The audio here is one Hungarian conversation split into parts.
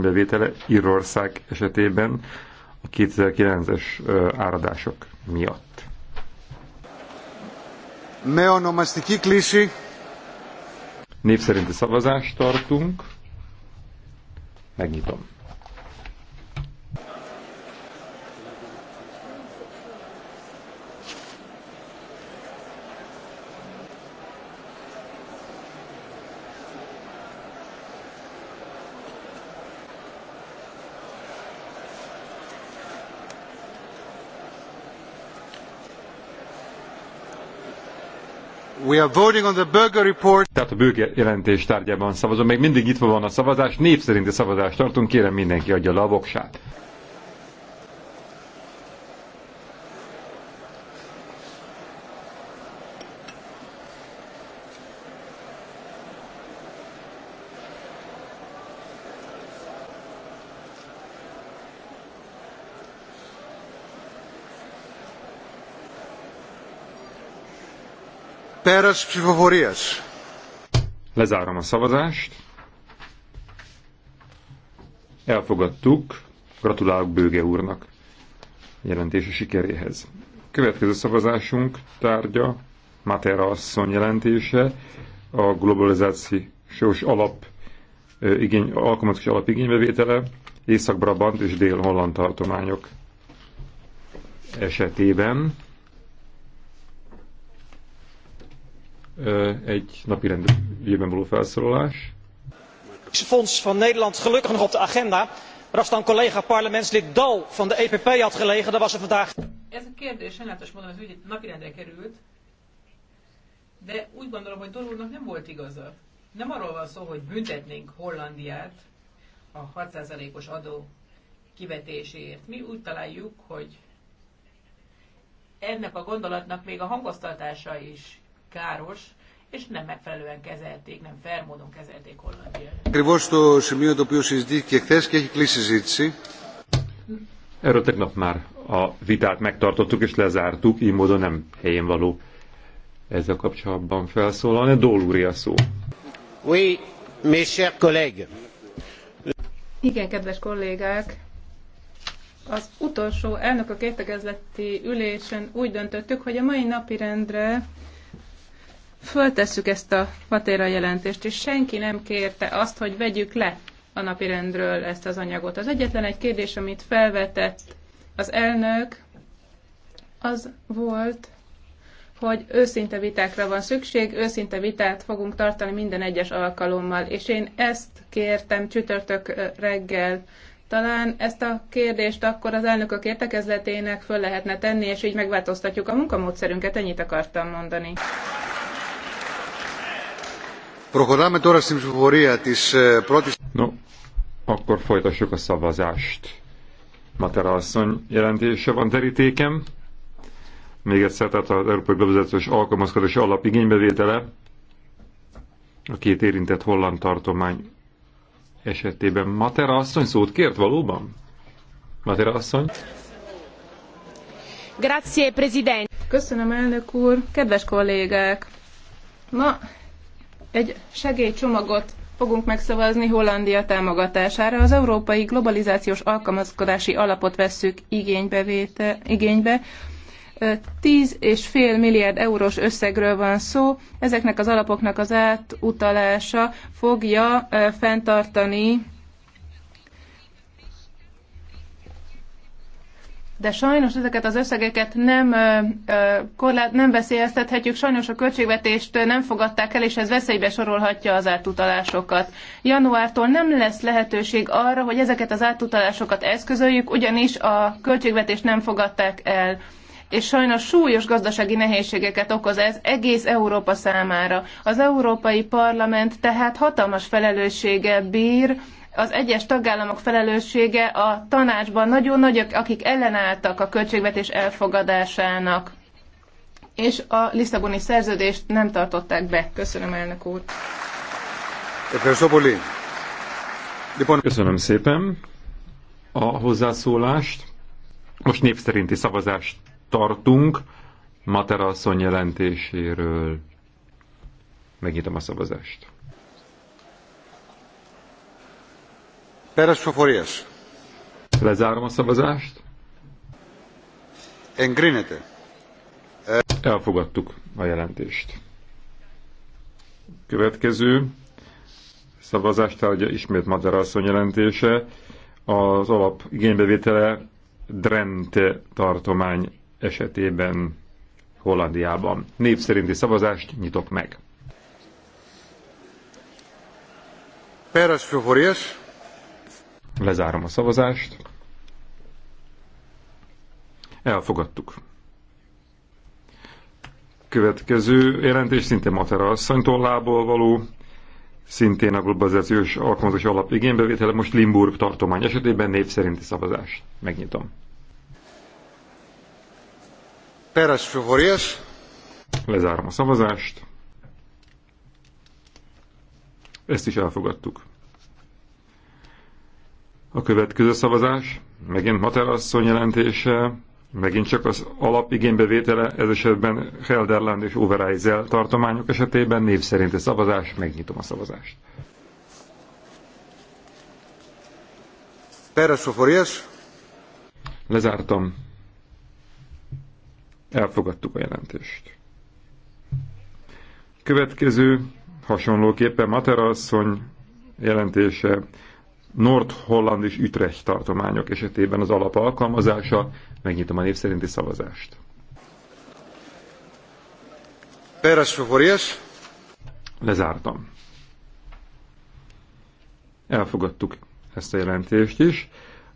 bevétele Írország esetében a 2009-es áradások miatt. Με Név szerinti szavazást tartunk. Megnyitom. are voting on the Burger report. Tehát a bőge jelentés tárgyában szavazom, még mindig itt van a szavazás, név szerinti szavazást tartunk, kérem mindenki adja le a voksát. ψηφοφορίας. Lezárom a szavazást. Elfogadtuk. Gratulálok Bőge úrnak jelentése sikeréhez. Következő szavazásunk tárgya Matera asszony jelentése, a globalizációs alap igény, alkalmazás alap igénybevétele, Észak-Brabant és Dél-Holland tartományok esetében. egy napi rendben való felszólalás. Het fonds van Nederland gelukkig nog op de agenda. Maar er als dan collega parlementslid Dal van de EPP had gelegen, dan was er vandaag... Ez a kérdés sajnálatos módon az ügy napirendre került, de úgy gondolom, hogy Dol úrnak nem volt igaza. Nem arról van szó, hogy büntetnénk Hollandiát a 6%-os adó kivetéséért. Mi úgy találjuk, hogy ennek a gondolatnak még a hangoztatása is káros, és nem megfelelően kezelték, nem fair módon kezelték Hollandiát. Erről tegnap már a vitát megtartottuk és lezártuk, így módon nem helyén való ezzel kapcsolatban felszólalni. Dól úr a szó. Oui, mes chers collègues. Igen, kedves kollégák, az utolsó elnökök értekezleti ülésen úgy döntöttük, hogy a mai napi rendre föltesszük ezt a Matéra jelentést, és senki nem kérte azt, hogy vegyük le a napirendről ezt az anyagot. Az egyetlen egy kérdés, amit felvetett az elnök, az volt, hogy őszinte vitákra van szükség, őszinte vitát fogunk tartani minden egyes alkalommal, és én ezt kértem csütörtök reggel. Talán ezt a kérdést akkor az elnökök értekezletének föl lehetne tenni, és így megváltoztatjuk a munkamódszerünket, ennyit akartam mondani. No, akkor folytassuk a szavazást. Matera asszony jelentése van terítékem. Még egyszer, tehát az Európai Globalizációs Alkalmazkodási Alap igénybevétele a két érintett holland tartomány esetében. Matera asszony szót kért valóban? Matera asszony? Grazie, Presidente. Köszönöm, elnök úr. Kedves kollégák! Ma egy segélycsomagot fogunk megszavazni Hollandia támogatására. Az Európai Globalizációs Alkalmazkodási Alapot vesszük igénybe, 10,5 igénybe. és fél milliárd eurós összegről van szó. Ezeknek az alapoknak az átutalása fogja fenntartani de sajnos ezeket az összegeket nem, korlát, nem veszélyeztethetjük, sajnos a költségvetést nem fogadták el, és ez veszélybe sorolhatja az átutalásokat. Januártól nem lesz lehetőség arra, hogy ezeket az átutalásokat eszközöljük, ugyanis a költségvetést nem fogadták el és sajnos súlyos gazdasági nehézségeket okoz ez egész Európa számára. Az Európai Parlament tehát hatalmas felelősséggel bír, az egyes tagállamok felelőssége a tanácsban nagyon nagyok, akik ellenálltak a költségvetés elfogadásának és a Lisszaboni szerződést nem tartották be. Köszönöm, elnök úr. Köszönöm szépen a hozzászólást. Most népszerinti szavazást tartunk Matera asszony jelentéséről. Megnyitom a szavazást. Peres Foforias. Lezárom a szavazást. Engrinete. Elfogadtuk a jelentést. Következő szavazást adja ismét Asszony jelentése. Az alap igénybevétele Drente tartomány esetében Hollandiában. Név szerinti szavazást nyitok meg. Peres Foforias. Lezárom a szavazást. Elfogadtuk. Következő jelentés szintén Matera asszony tollából való, szintén a globalizációs alkalmazás alap igénybevétele, most Limburg tartomány esetében név szerinti szavazás. Megnyitom. Peres Fövorias. Lezárom a szavazást. Ezt is elfogadtuk. A következő szavazás, megint Materasszony jelentése, megint csak az alapigénybevétele, ez esetben Helderland és Overijzel tartományok esetében név szerint a szavazás, megnyitom a szavazást. Peres Lezártam. Elfogadtuk a jelentést. Következő hasonlóképpen Materasszony jelentése Nord-Holland és Utrecht tartományok esetében az alap alkalmazása. Megnyitom a név szerinti szavazást. Peres Fogorias. Lezártam. Elfogadtuk ezt a jelentést is.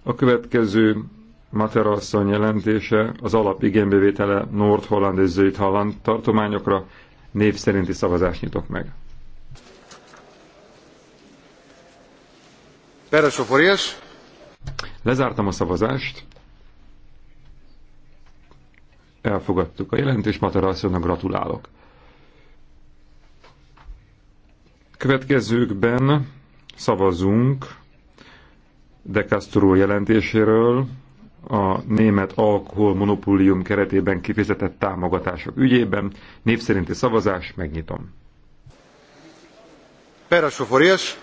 A következő materasszony jelentése az alapigénybevétele Nord-Holland és Zöld-Holland tartományokra név szerinti szavazást nyitok meg. Lezártam a szavazást. Elfogadtuk a jelentést, Materasszonynak gratulálok. Következőkben szavazunk De Castro jelentéséről a német alkohol monopólium keretében kifizetett támogatások ügyében. Népszerinti szavazás, megnyitom. Peresoforias.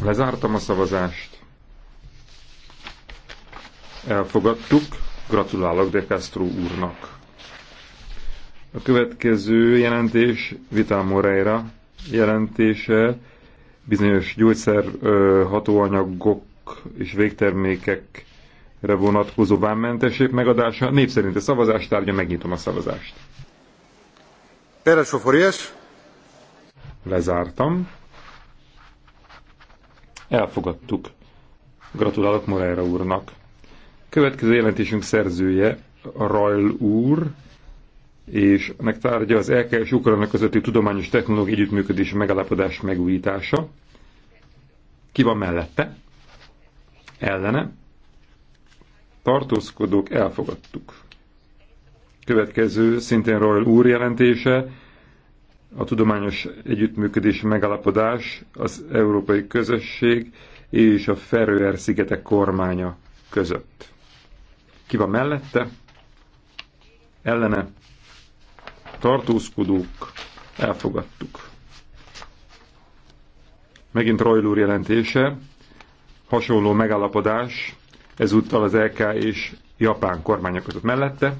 Lezártam a szavazást. Elfogadtuk. Gratulálok De Castro úrnak. A következő jelentés Vital Moreira jelentése bizonyos gyógyszer hatóanyagok és végtermékekre vonatkozó vámmentesség megadása. Népszerint a szavazás tárgya, megnyitom a szavazást. Peres Lezártam. Elfogadtuk. Gratulálok Moreira úrnak. Következő jelentésünk szerzője Rajl úr, és megtárgya az LK e és Ukrajna közötti tudományos technológiai együttműködés megállapodás megújítása. Ki van mellette? Ellene? Tartózkodók elfogadtuk. Következő szintén Royal úr jelentése, a tudományos együttműködési megalapodás az Európai Közösség és a Ferőer szigetek kormánya között. Ki van mellette? Ellene tartózkodók elfogadtuk. Megint Rajlúr jelentése, hasonló megalapodás, ezúttal az LK és Japán kormányok között mellette,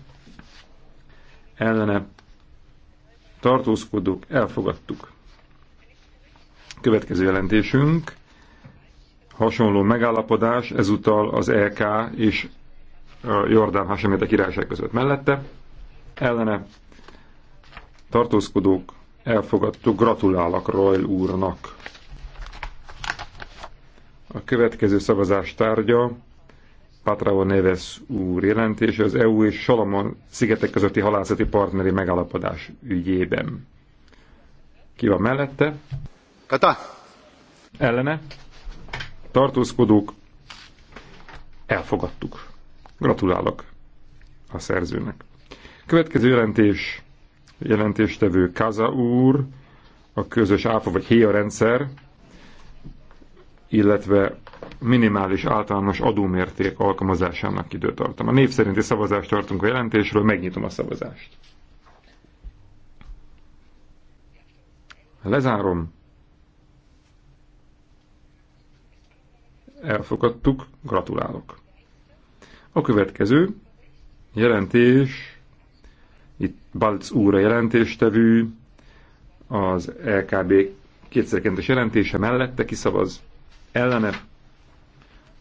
ellene tartózkodók, elfogadtuk. Következő jelentésünk, hasonló megállapodás, ezúttal az EK és a Jordán Hasemete királyság között mellette, ellene tartózkodók, elfogadtuk, gratulálok Royal úrnak. A következő szavazás tárgya Patrao Neves úr jelentése az EU és Salomon szigetek közötti halászati partneri megállapodás ügyében. Ki van mellette? Kata! Ellene? Tartózkodók? Elfogadtuk. Gratulálok a szerzőnek. Következő jelentés, jelentéstevő Kaza úr, a közös áfa vagy héja rendszer, illetve minimális általános adómérték alkalmazásának időtartama. Név szerinti szavazást tartunk a jelentésről, megnyitom a szavazást. Lezárom. Elfogadtuk, gratulálok. A következő jelentés, itt Balc úra jelentéstevű, jelentéstevő, az LKB 2002-es jelentése mellette kiszavaz ellene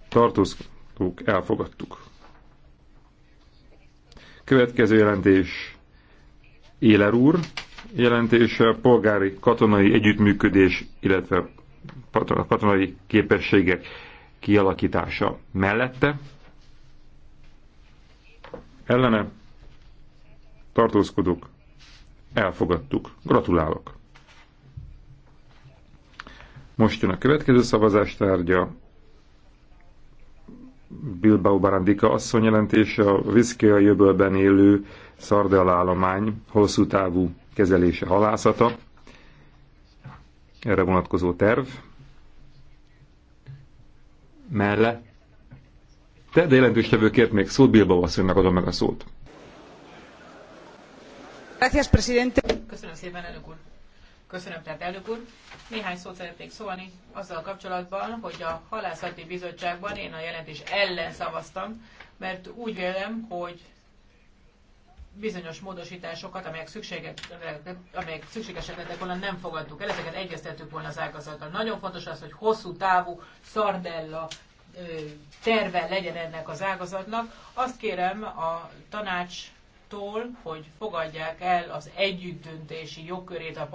tartózkodók elfogadtuk. Következő jelentés Éler úr jelentése polgári katonai együttműködés, illetve katonai képességek kialakítása mellette. Ellene tartózkodók elfogadtuk. Gratulálok! Most jön a következő szavazás tárgya. Bilbao Barandika asszony jelentése a Viszkia jövőben élő állomány hosszú távú kezelése halászata. Erre vonatkozó terv. Melle. Te, de jelentős tevőkért még szót, Bilbao asszonynak adom meg a szót. Köszönöm szépen, elnök úr. Köszönöm, tehát elnök úr. Néhány szót szeretnék szólni azzal kapcsolatban, hogy a halászati bizottságban én a jelentés ellen szavaztam, mert úgy vélem, hogy bizonyos módosításokat, amelyek, amelyek szükségesek lettek volna, nem fogadtuk el, ezeket egyeztettük volna az ágazattal. Nagyon fontos az, hogy hosszú távú szardella terve legyen ennek az ágazatnak. Azt kérem a tanács attól, hogy fogadják el az együttdöntési jogkörét a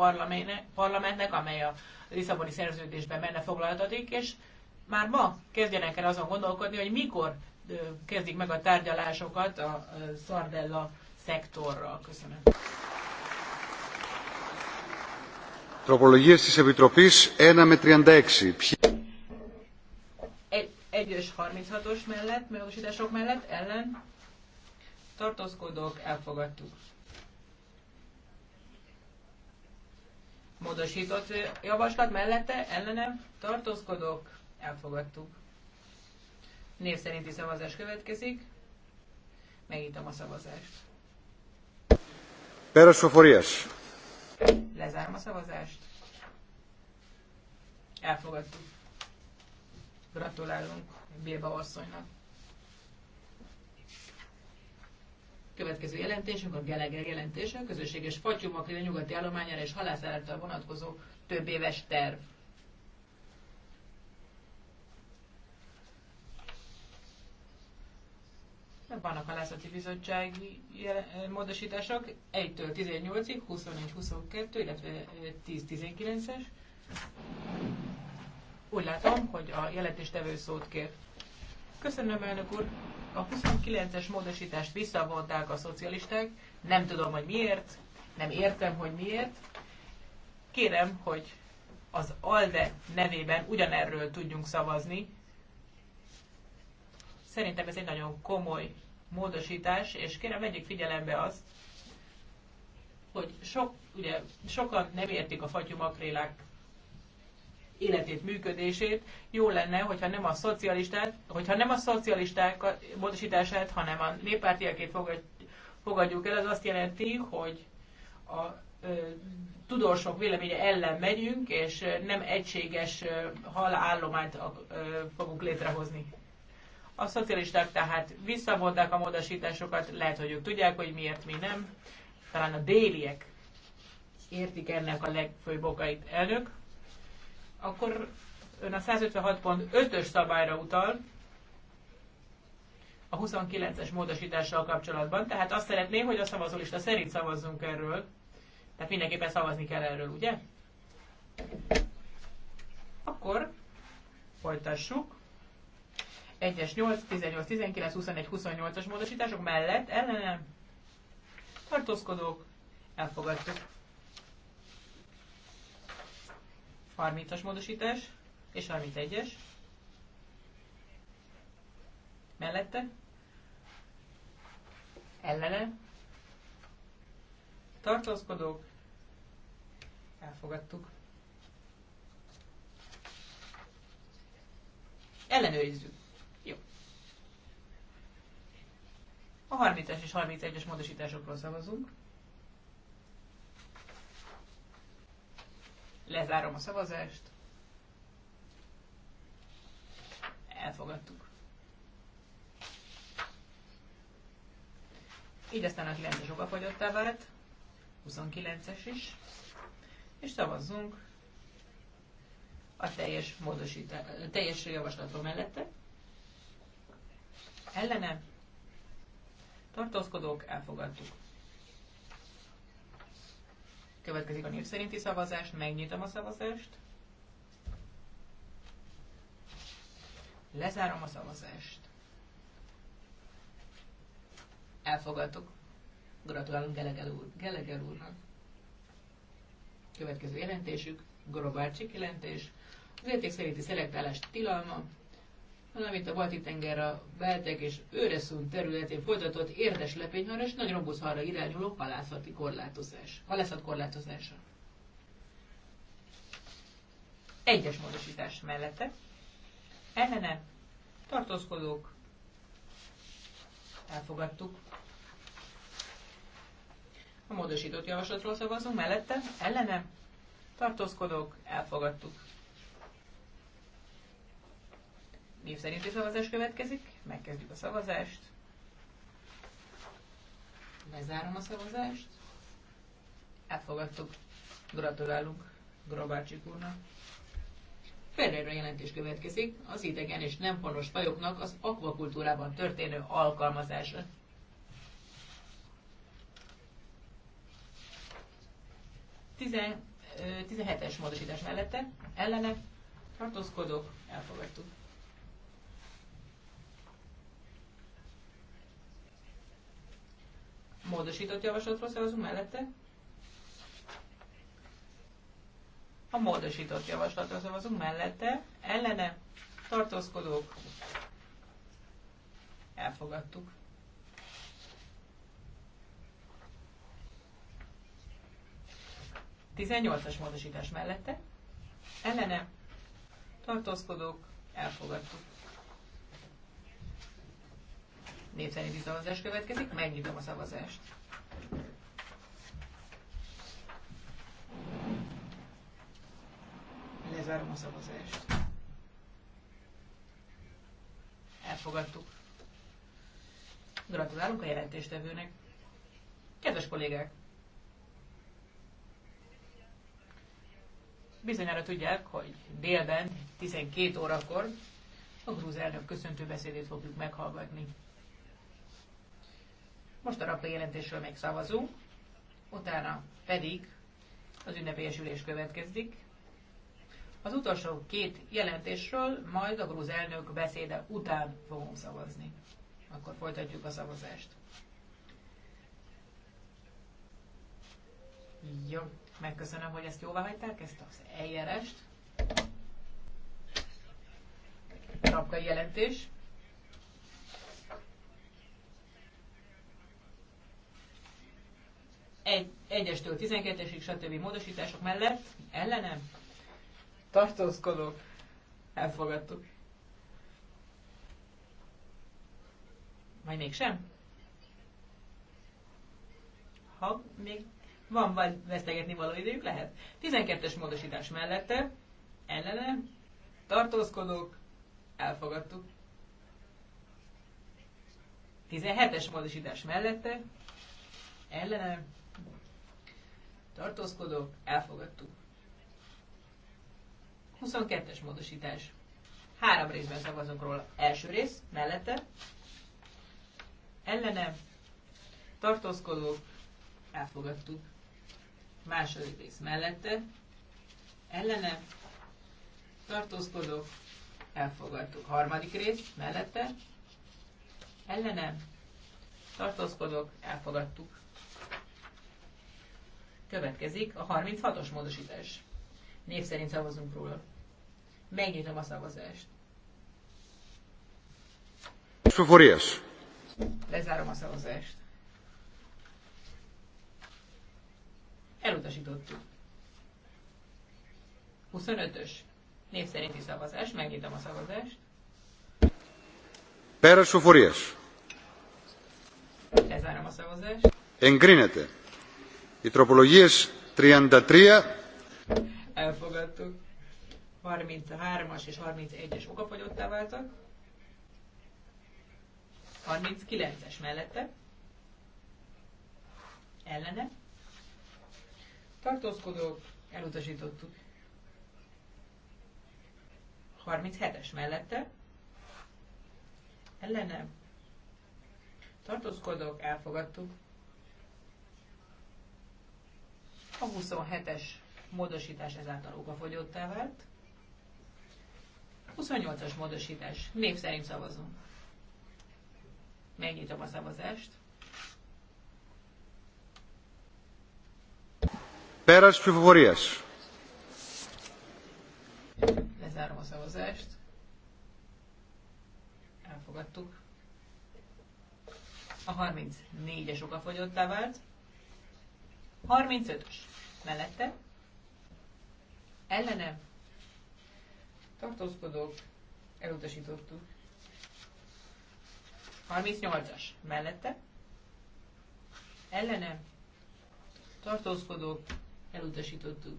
parlamentnek, amely a Lisszaboni szerződésben benne foglaltatik, és már ma kezdjenek el azon gondolkodni, hogy mikor kezdik meg a tárgyalásokat a Szardella szektorral. Köszönöm. Τροπολογίες της Επιτροπής 1 με 36. 1 36-os mellett, megosítások mellett ellen tartózkodók, elfogadtuk. Módosított javaslat mellette, ellenem, tartózkodók, elfogadtuk. Név szerinti szavazás következik. Megítom a szavazást. Perosoforias. Lezárom a szavazást. Elfogadtuk. Gratulálunk Bilba asszonynak. Következő jelentésünk a Geleger jelentése, közösséges fatyumakli a nyugati állományára és halászállattal vonatkozó több éves terv. Vannak halászati bizottsági módosítások 1-től 18-ig, 21-22, illetve 10-19-es. Eh, Úgy látom, hogy a jelentéstevő szót kér. Köszönöm, elnök úr! A 29-es módosítást visszavonták a szocialisták, nem tudom, hogy miért, nem értem, hogy miért. Kérem, hogy az ALDE nevében ugyanerről tudjunk szavazni. Szerintem ez egy nagyon komoly módosítás, és kérem, vegyék figyelembe azt, hogy sok, ugye, sokan nem értik a fagyú makrélák életét, működését. Jó lenne, hogyha nem a szocialisták, hogyha nem a szocialisták módosítását, hanem a néppártiakét fogadjuk el, az azt jelenti, hogy a ö, tudósok véleménye ellen megyünk, és nem egységes halállományt fogunk létrehozni. A szocialisták tehát visszavonták a módosításokat, lehet, hogy ők tudják, hogy miért mi nem. Talán a déliek értik ennek a legfőbb okait. Elnök, akkor ön a 156.5-ös szabályra utal a 29-es módosítással kapcsolatban, tehát azt szeretné, hogy a szavazólista szerint szavazzunk erről, tehát mindenképpen szavazni kell erről, ugye? Akkor folytassuk. 1-es 8, 18, 19, 21, 28-as módosítások mellett ellene tartózkodók elfogadtuk. 30-as módosítás és 31-es. Mellette. Ellene. Tartózkodók. Elfogadtuk. Ellenőrizzük. Jó. A 30-es és 31-es módosításokról szavazunk. Lezárom a szavazást. Elfogadtuk. Így aztán a 9-es fogyottá vált, 29-es is, és szavazzunk a teljes, módosítá, teljes javaslatom mellette. Ellene tartózkodók elfogadtuk. Következik a név szerinti szavazás, megnyitom a szavazást. Lezárom a szavazást. Elfogadtuk. Gratulálunk Gelegel, úr, Gelegel úrnak. Következő jelentésük, Gorobárcsik jelentés, az érték szerinti szelektálás tilalma, hanem itt a balti tenger a Beltek és Őreszún területén folytatott érdes lepényharra és nagy rombuszharra irányuló halászati korlátozás, halászat korlátozása. Egyes módosítás mellette. Ellene tartózkodók. Elfogadtuk. A módosított javaslatról szavazunk mellette. Ellene tartózkodók. Elfogadtuk. Név szerinti szavazás következik. Megkezdjük a szavazást. Lezárom a szavazást. Elfogadtuk. Gratulálunk Grabácsik úrnak. Ferreira jelentés következik az idegen és nem honos fajoknak az akvakultúrában történő alkalmazása. Tizen, 17-es módosítás mellette ellene tartózkodok, elfogadtuk. módosított javaslatról szavazunk mellette? A módosított javaslatra szavazunk mellette, ellene, tartózkodók, elfogadtuk. Tizennyolcas módosítás mellette, ellene, tartózkodók, elfogadtuk. Név szavazás következik, megnyitom a szavazást. Lezárom a szavazást. Elfogadtuk. Gratulálunk a jelentéstevőnek. Kedves kollégák! Bizonyára tudják, hogy délben 12 órakor a grúz elnök köszöntő beszédét fogjuk meghallgatni. Most a rabda jelentésről még szavazunk, utána pedig az ünnepélyes ülés következik. Az utolsó két jelentésről majd a grúz elnök beszéde után fogunk szavazni. Akkor folytatjuk a szavazást. Jó, megköszönöm, hogy ezt jóvá hagyták, ezt az eljárást. Rabka jelentés. 1, 1-estől 12-esig, stb. módosítások mellett ellenem Tartózkodok. elfogadtuk. Majd mégsem? Ha még van vagy vesztegetni való idejük, lehet. 12-es módosítás mellette ellenem tartózkodok, elfogadtuk. 17-es módosítás mellette ellenem tartózkodók, elfogadtuk. 22-es módosítás. Három részben szavazunk róla. Első rész, mellette, ellene, tartózkodók, elfogadtuk. Második rész mellette, ellene, tartózkodók, elfogadtuk. Harmadik rész mellette, ellene, tartózkodók, elfogadtuk. Következik a 36-os módosítás. Név szerint szavazunk róla. Megnyitom a szavazást. Foforias. Lezárom a szavazást. Elutasítottuk. 25-ös. Név szerinti szavazás. Megnyitom a szavazást. Peres Foforias. Lezárom a szavazást. Engrinete. Οι τροπολογίες 33. Elfogadtuk. 33-as és 31-es okafogyottá váltak. 39-es mellette. Ellene. Tartózkodók, elutasítottuk. 37-es mellette. Ellene. Tartózkodók, elfogadtuk. A 27-es módosítás ezáltal okafogyottá vált. 28-as módosítás. Név szerint szavazunk. Megnyitom a szavazást. Peres Pivovorias. Lezárom a szavazást. Elfogadtuk. A 34-es okafogyottá vált. 35-ös. Mellette. Ellenem. Tartózkodók. Elutasítottuk. 38-as. Mellette. Ellenem. Tartózkodók. Elutasítottuk.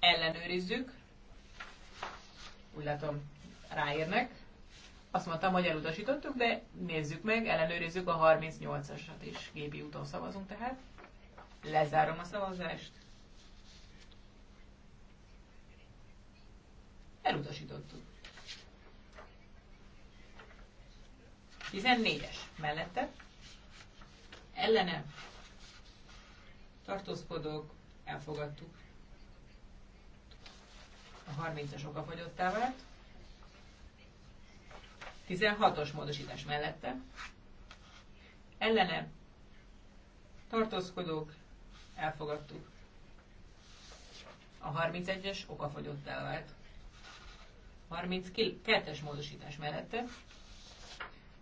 Ellenőrizzük. Úgy látom, ráérnek. Azt mondtam, hogy elutasítottuk, de nézzük meg, ellenőrizzük a 38-asat is. Gépi úton szavazunk tehát. Lezárom a szavazást. Elutasítottuk. 14-es mellette. Ellene tartózkodók, elfogadtuk. A 30-as fogyottá vált. 16-os módosítás mellette. Ellene tartózkodók elfogadtuk. A 31-es okafogyott elvált. 32-es módosítás mellette.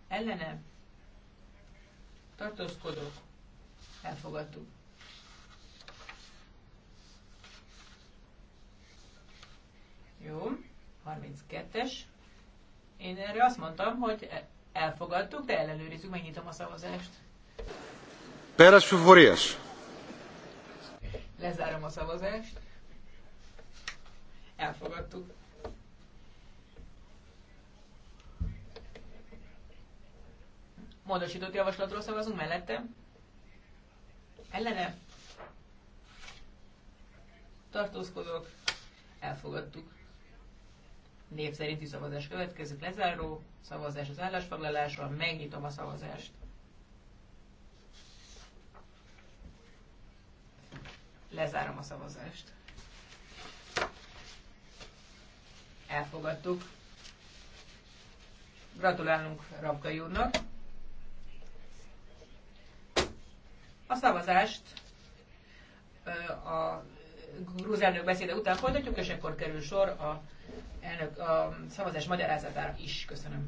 Ellene tartózkodók elfogadtuk. Jó, 32-es én erre azt mondtam, hogy e- elfogadtuk, de ellenőrizzük, megnyitom a szavazást. Peres Fuforias. Lezárom a szavazást. Elfogadtuk. Módosított javaslatról szavazunk mellette. Ellene. Tartózkodok. Elfogadtuk név szerinti szavazás következik, lezáró szavazás az állásfoglalásra, megnyitom a szavazást. Lezárom a szavazást. Elfogadtuk. Gratulálunk Rabka úrnak. A szavazást a grúz elnök beszéde után folytatjuk, és akkor kerül sor a, elnök, a szavazás magyarázatára is. Köszönöm.